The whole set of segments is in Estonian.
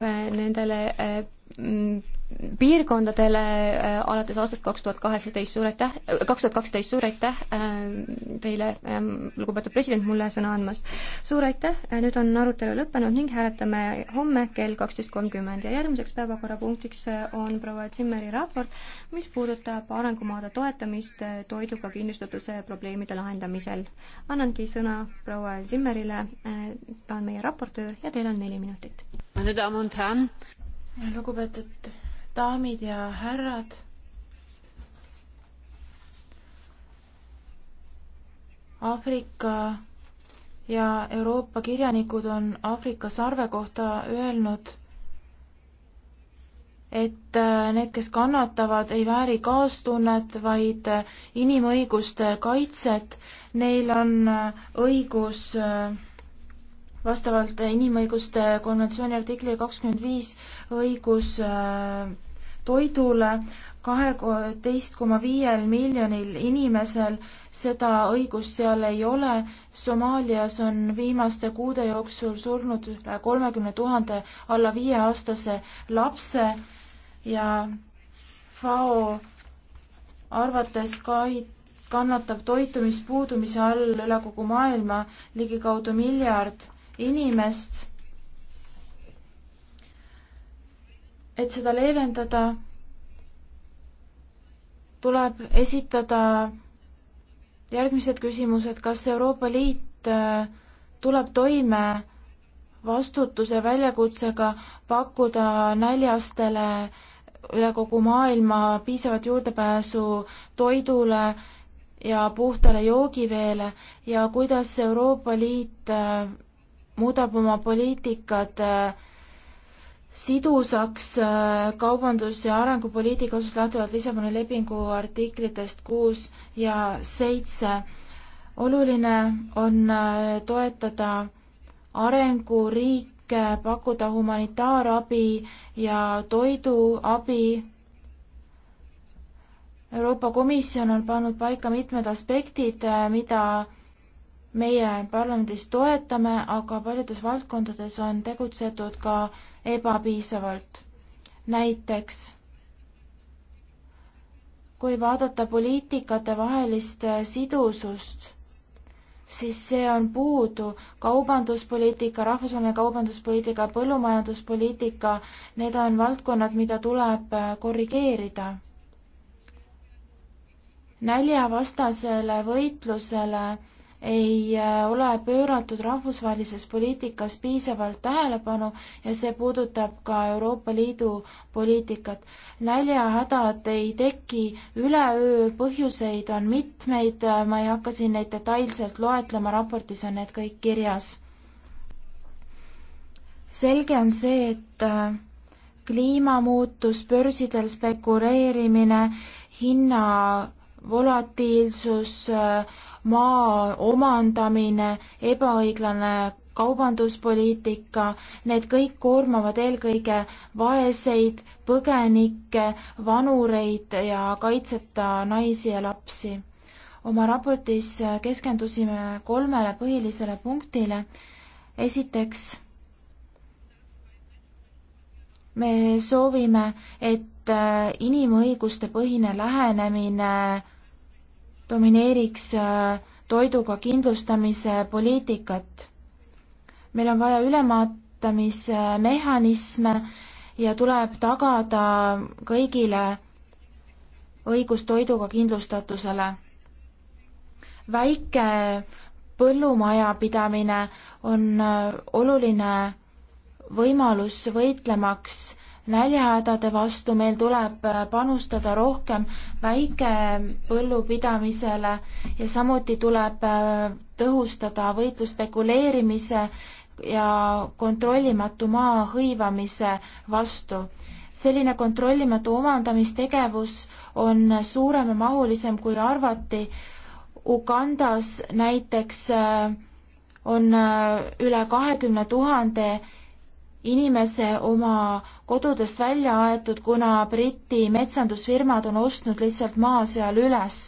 Äh, nendele äh, piirkondadele äh, alates aastast kaks tuhat kaheksateist, suur aitäh, äh, kaks tuhat kaksteist, suur aitäh äh, teile, ähm, lugupeetud president, mulle sõna andmast. suur aitäh, nüüd on arutelu lõppenud ning hääletame homme kell kaksteist kolmkümmend ja järgmiseks päevakorrapunktiks on proua Zimmeri raport, mis puudutab arengumaade toetamist toiduga kindlustatuse probleemide lahendamisel. annangi sõna proua Zimmerile, ta on meie raportöör ja teil on neli minutit. lugupeetud daamid ja härrad. Aafrika ja Euroopa kirjanikud on Aafrika sarve kohta öelnud, et äh, need, kes kannatavad, ei vääri kaastunnet, vaid äh, inimõiguste kaitset. Neil on äh, õigus vastavalt inimõiguste konventsiooni artikli kakskümmend viis õigus äh, toidule kaheteist koma viiel miljonil inimesel seda õigust seal ei ole. Somaalias on viimaste kuude jooksul surnud üle kolmekümne tuhande alla viieaastase lapse ja FAO arvates Kait kannatab toitumispuudumise all üle kogu maailma ligikaudu miljard inimest et seda leevendada, tuleb esitada järgmised küsimused, kas Euroopa Liit äh, tuleb toime vastutuse väljakutsega pakkuda näljastele üle kogu maailma piisavat juurdepääsu toidule ja puhtale joogiveele ja kuidas Euroopa Liit äh, muudab oma poliitikad äh, sidusaks äh, kaubandus- ja arengupoliitika osas lähtuvalt Lissaboni lepingu artiklitest kuus ja seitse. oluline on äh, toetada arenguriike, pakkuda humanitaarabi ja toiduabi. Euroopa Komisjon on pannud paika mitmed aspektid, äh, mida meie parlamendis toetame, aga paljudes valdkondades on tegutsetud ka ebapiisavalt. näiteks kui vaadata poliitikate vahelist eh, sidusust, siis see on puudu. kaubanduspoliitika, rahvusvaheline kaubanduspoliitika, põllumajanduspoliitika, need on valdkonnad, mida tuleb eh, korrigeerida. näljavastasele võitlusele ei äh, ole pööratud rahvusvahelises poliitikas piisavalt tähelepanu ja see puudutab ka Euroopa Liidu poliitikat. näljahädad ei teki üleöö, põhjuseid on mitmeid, äh, ma ei hakka siin neid detailselt loetlema, raportis on need kõik kirjas. selge on see, et äh, kliimamuutus, börsidel spekuleerimine, hinna volatiilsus, maa omandamine, ebaõiglane kaubanduspoliitika, need kõik koormavad eelkõige vaeseid, põgenikke, vanureid ja kaitseta naisi ja lapsi. oma raportis keskendusime kolmele põhilisele punktile. esiteks, me soovime, et inimõiguste põhine lähenemine domineeriks äh, toiduga kindlustamise poliitikat. meil on vaja ülemaatamismehhanisme ja tuleb tagada kõigile õigus toiduga kindlustatusele. väike põllumajapidamine on äh, oluline võimalus võitlemaks näljahädade vastu, meil tuleb äh, panustada rohkem väikepõllupidamisele ja samuti tuleb äh, tõhustada võitlust spekuleerimise ja kontrollimatu maa hõivamise vastu. selline kontrollimatu omandamistegevus on suuremamahulisem, kui arvati. Ugandas näiteks äh, on üle kahekümne tuhande inimese oma kodudest välja aetud, kuna Briti metsandusfirmad on ostnud lihtsalt maa seal üles.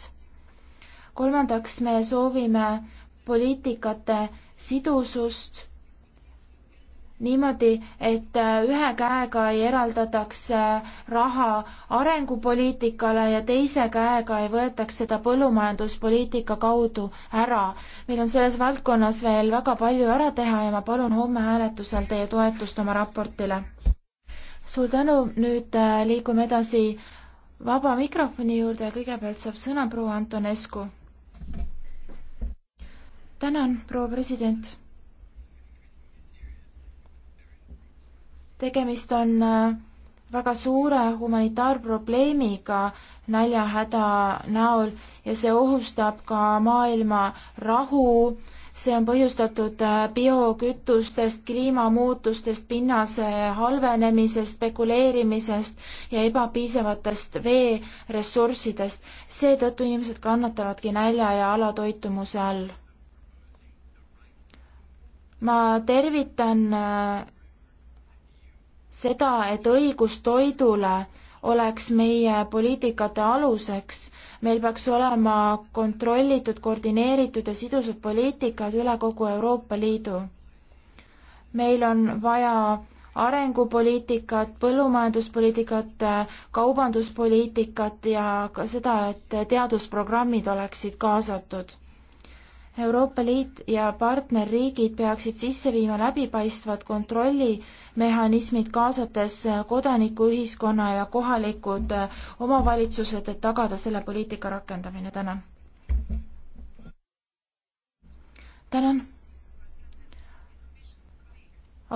kolmandaks, me soovime poliitikate sidusust niimoodi, et äh, ühe käega ei eraldataks äh, raha arengupoliitikale ja teise käega ei võetaks seda põllumajanduspoliitika kaudu ära. meil on selles valdkonnas veel väga palju ära teha ja ma palun homme hääletusel teie toetust oma raportile. suur tänu, nüüd äh, liigume edasi vaba mikrofoni juurde ja kõigepealt saab sõna proua Antonescu. tänan, proua president tegemist on äh, väga suure humanitaarprobleemiga näljahäda näol ja see ohustab ka maailma rahu. see on põhjustatud äh, biokütustest, kliimamuutustest, pinnase halvenemisest, spekuleerimisest ja ebapiisavatest veeressurssidest. seetõttu inimesed kannatavadki nälja ja alatoitumuse all. ma tervitan äh, seda, et õigus toidule oleks meie poliitikate aluseks. meil peaks olema kontrollitud, koordineeritud ja sidusad poliitikad üle kogu Euroopa Liidu. meil on vaja arengupoliitikat, põllumajanduspoliitikat, kaubanduspoliitikat ja ka seda, et teadusprogrammid oleksid kaasatud Euroopa Liit ja partnerriigid peaksid sisse viima läbipaistvad kontrollimehhanismid, kaasates kodanikuühiskonna ja kohalikud omavalitsused, et tagada selle poliitika rakendamine. tänan. tänan.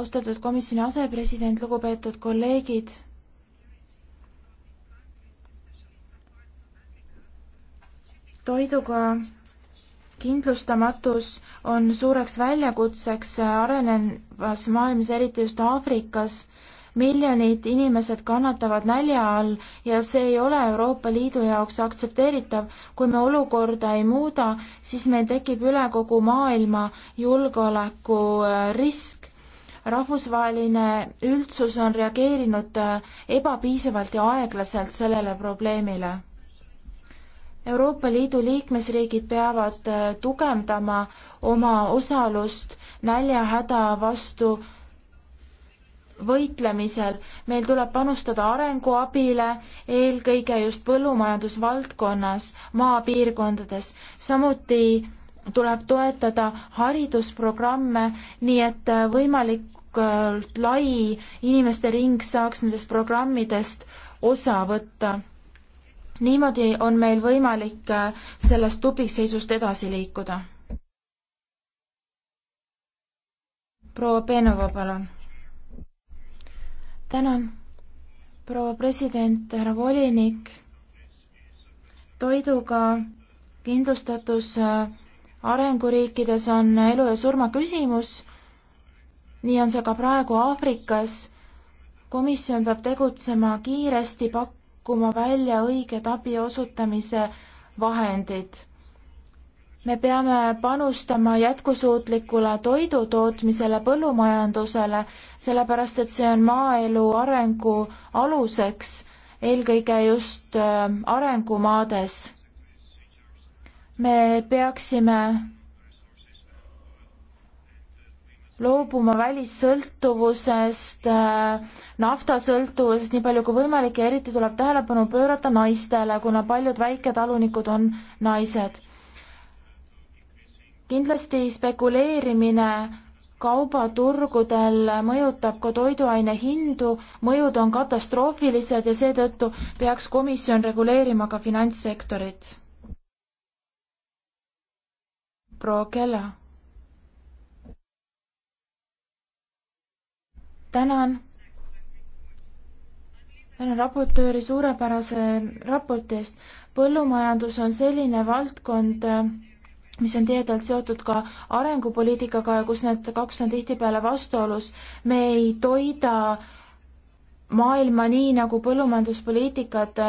austatud komisjoni asepresident, lugupeetud kolleegid toiduga kindlustamatus on suureks väljakutseks arenevas maailmas, eriti just Aafrikas. miljonid inimesed kannatavad nälja all ja see ei ole Euroopa Liidu jaoks aktsepteeritav. kui me olukorda ei muuda, siis meil tekib üle kogu maailma julgeolekurisk. Äh, rahvusvaheline üldsus on reageerinud äh, ebapiisavalt ja aeglaselt sellele probleemile Euroopa Liidu liikmesriigid peavad äh, tugevdama oma osalust näljahäda vastu võitlemisel. meil tuleb panustada arenguabile, eelkõige just põllumajandusvaldkonnas, maapiirkondades. samuti tuleb toetada haridusprogramme, nii et äh, võimalikult äh, lai inimeste ring saaks nendest programmidest osa võtta niimoodi on meil võimalik äh, sellest tupikseisust edasi liikuda. proua Peenova, palun. tänan, proua president, härra volinik. toiduga kindlustatus äh, arenguriikides on elu ja surma küsimus. nii on see ka praegu Aafrikas. komisjon peab tegutsema kiiresti, pakkuma pakkuma välja õiged abi osutamise vahendid. me peame panustama jätkusuutlikule toidutootmisele, põllumajandusele, sellepärast et see on maaelu arengu aluseks, eelkõige just äh, arengumaades. me peaksime loobuma välissõltuvusest, äh, naftasõltuvusest nii palju kui võimalik ja eriti tuleb tähelepanu pöörata naistele, kuna paljud väiketalunikud on naised. kindlasti spekuleerimine kaubaturgudel mõjutab ka toiduaine hindu, mõjud on katastroofilised ja seetõttu peaks komisjon reguleerima ka finantssektorit. proua Kella tänan, tänan raportööri suurepärase raporti eest. põllumajandus on selline valdkond, mis on tihedalt seotud ka arengupoliitikaga ja kus need kaks on tihtipeale vastuolus. me ei toida maailma nii, nagu põllumajanduspoliitikad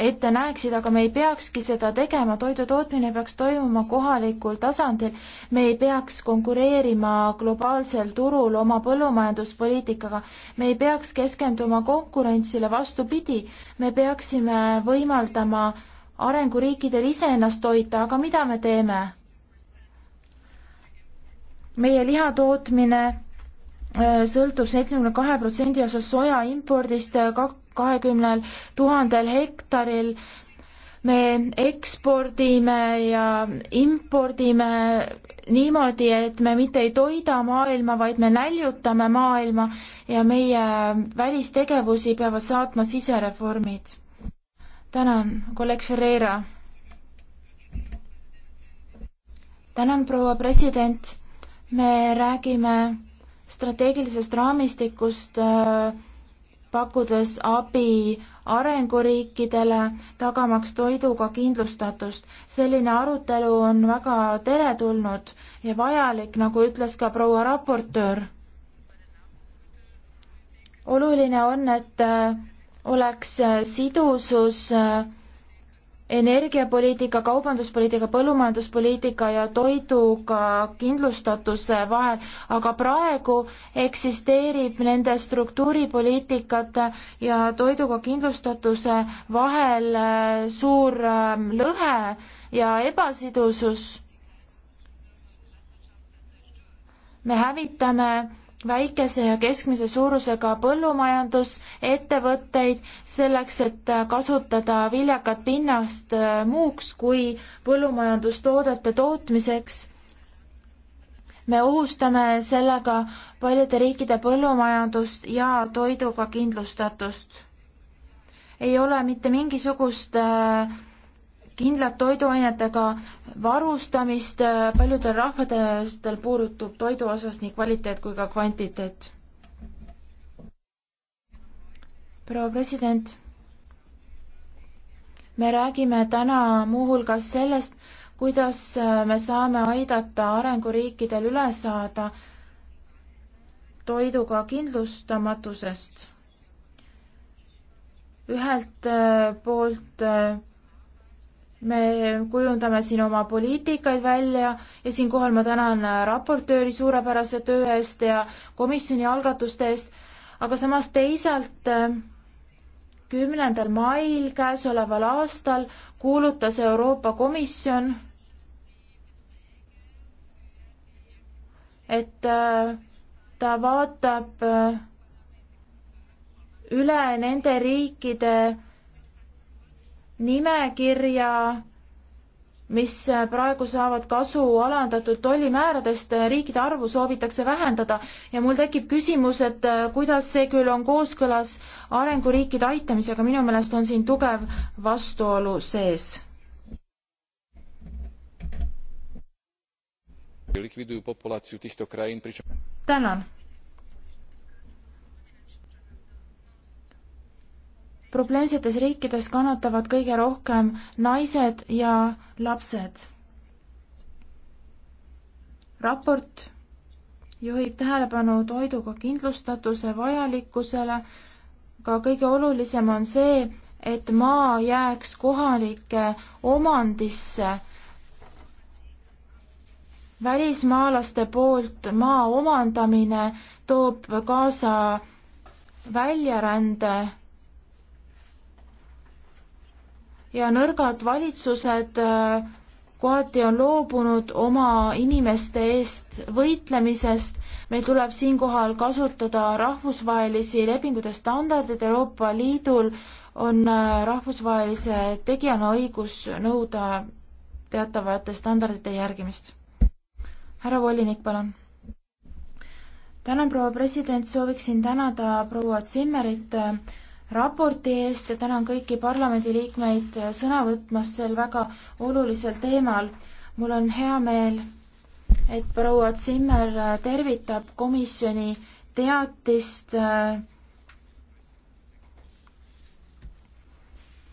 ette näeksid, aga me ei peakski seda tegema, toidu tootmine peaks toimuma kohalikul tasandil. me ei peaks konkureerima globaalsel turul oma põllumajanduspoliitikaga, me ei peaks keskenduma konkurentsile, vastupidi, me peaksime võimaldama arenguriikidel iseennast toita, aga mida me teeme? meie lihatootmine Äh, sõltub seitsmekümne kahe protsendi osas soja impordist äh, kahekümnel tuhandel hektaril. me ekspordime ja impordime niimoodi, et me mitte ei toida maailma, vaid me näljutame maailma ja meie välistegevusi peavad saatma sisereformid. tänan, kolleeg Ferreira. tänan, proua president. me räägime strateegilisest raamistikust äh, pakkudes abi arenguriikidele, tagamaks toiduga kindlustatust. selline arutelu on väga teretulnud ja vajalik, nagu ütles ka proua raportöör. oluline on, et äh, oleks äh, sidusus äh, energiapoliitika, kaubanduspoliitika, põllumajanduspoliitika ja toiduga kindlustatuse vahel, aga praegu eksisteerib nende struktuuripoliitikate ja toiduga kindlustatuse vahel äh, suur ähm, lõhe ja ebasidusus. me hävitame väikese ja keskmise suurusega põllumajandusettevõtteid selleks, et kasutada viljakat pinnast äh, muuks kui põllumajandustoodete tootmiseks. me ohustame sellega paljude riikide põllumajandust ja toiduga kindlustatust. ei ole mitte mingisugust äh, kindlat toiduainetega varustamist, paljudel rahvadel puudutub toidu osas nii kvaliteet kui ka kvantiteet. proua president, me räägime täna muuhulgas sellest, kuidas me saame aidata arenguriikidel üle saada toiduga kindlustamatusest. ühelt poolt äh, me kujundame siin oma poliitikaid välja ja siinkohal ma tänan raportööri suurepärase töö eest ja komisjoni algatuste eest, aga samas teisalt äh, kümnendal mail käesoleval aastal kuulutas Euroopa Komisjon, et äh, ta vaatab äh, üle nende riikide nimekirja, mis praegu saavad kasu alandatud tollimääradest, riikide arvu soovitakse vähendada ja mul tekib küsimus, et kuidas see küll on kooskõlas arenguriikide aitamisega, minu meelest on siin tugev vastuolu sees. tänan probleemsetes riikides kannatavad kõige rohkem naised ja lapsed. raport juhib tähelepanu toiduga kindlustatuse vajalikkusele, aga kõige olulisem on see, et maa jääks kohalike omandisse. välismaalaste poolt maa omandamine toob kaasa väljarände ja nõrgad valitsused äh, kohati on loobunud oma inimeste eest võitlemisest. meil tuleb siinkohal kasutada rahvusvahelisi lepinguid ja standardid. Euroopa Liidul on äh, rahvusvahelise tegijana õigus nõuda teatavate standardite järgimist. härra volinik, palun. tänan, proua president, sooviksin tänada proua Zimmerit äh, raporti eest ja tänan kõiki parlamendiliikmeid sõna võtmast sel väga olulisel teemal. mul on hea meel, et proua Zimmer tervitab komisjoni teatist äh,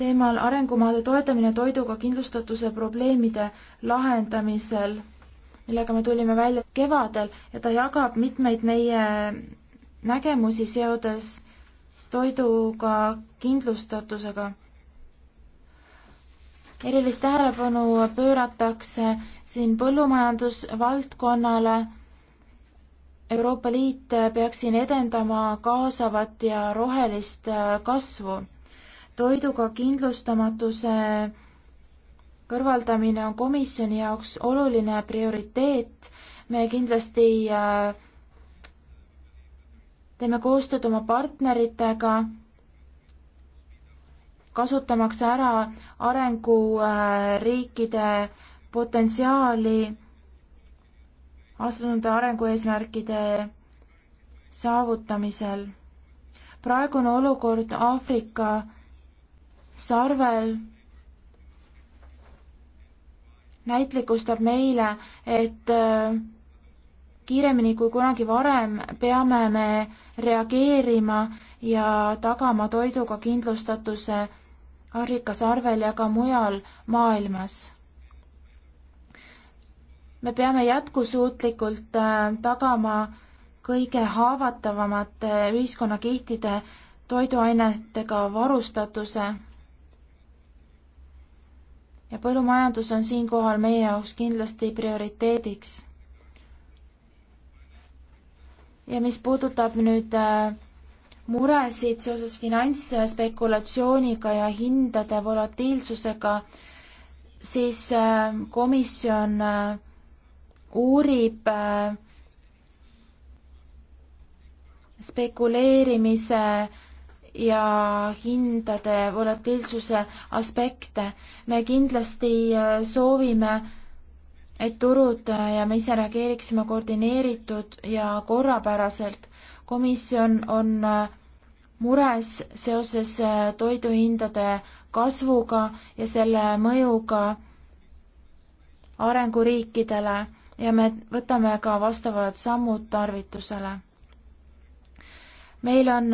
teemal arengumaade toetamine toiduga kindlustatuse probleemide lahendamisel, millega me tulime välja kevadel ja ta jagab mitmeid meie nägemusi seoses toiduga kindlustatusega. erilist tähelepanu pööratakse siin põllumajandusvaldkonnale. Euroopa Liit peaks siin edendama kaasavat ja rohelist kasvu. toiduga kindlustamatuse kõrvaldamine on komisjoni jaoks oluline prioriteet. me kindlasti äh, teeme koostööd oma partneritega, kasutamaks ära arenguriikide potentsiaali aastakümnendate arengueesmärkide saavutamisel. praegune olukord Aafrika sarvel näitlikustab meile, et äh, kiiremini kui kunagi varem peame me reageerima ja tagama toiduga kindlustatuse Arikas arvel ja ka mujal maailmas. me peame jätkusuutlikult äh, tagama kõige haavatavamate ühiskonnakihtide toiduainetega varustatuse. ja põllumajandus on siinkohal meie jaoks kindlasti prioriteediks ja mis puudutab nüüd äh, muresid seoses finantsspekulatsiooniga ja hindade volatiilsusega, siis äh, komisjon äh, uurib spekuleerimise ja hindade volatiilsuse aspekte. me kindlasti soovime et turud äh, ja me ise reageeriksime koordineeritud ja korrapäraselt. komisjon on äh, mures seoses äh, toiduhindade kasvuga ja selle mõjuga arenguriikidele ja me võtame ka vastavad sammud tarvitusele. meil on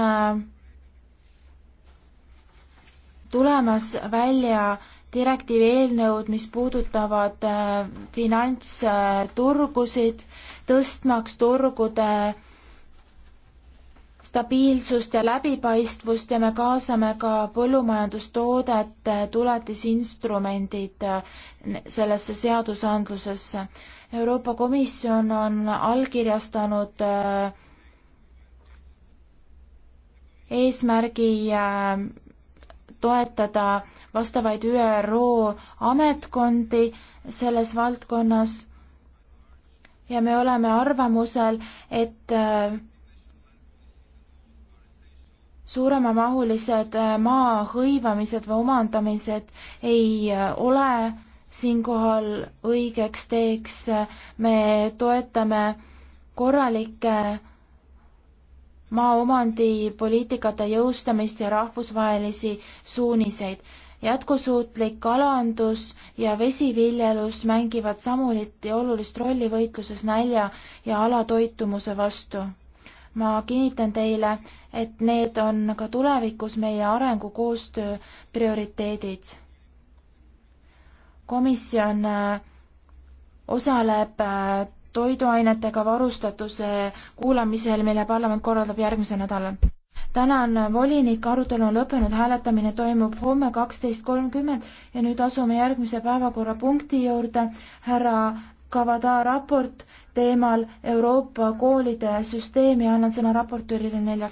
tulemas välja direktiivi eelnõud, mis puudutavad äh, finantsturgusid, tõstmaks turgude stabiilsust ja läbipaistvust ja me kaasame ka põllumajandustoodete tuletisinstrumendid äh, sellesse seadusandlusesse. Euroopa Komisjon on allkirjastanud äh, eesmärgi toetada vastavaid ÜRO ametkondi selles valdkonnas ja me oleme arvamusel, et äh, suuremamahulised äh, maa hõivamised või omandamised ei äh, ole siinkohal õigeks teeks, me toetame korralikke maaomandipoliitikate jõustamist ja rahvusvahelisi suuniseid. jätkusuutlik kalandus ja vesiviljelus mängivad samuti olulist rolli võitluses nälja ja alatoitumuse vastu. ma kinnitan teile, et need on ka tulevikus meie arengukoostöö prioriteedid. komisjon äh, osaleb äh, toiduainetega varustatuse kuulamisel, mille parlament korraldab järgmisel nädalal. tänan, volinik, arutelu on lõppenud, hääletamine toimub homme kaksteist kolmkümmend ja nüüd asume järgmise päevakorrapunkti juurde, härra Kavada raport teemal Euroopa koolide süsteemi, annan sõna raportöörile neljaks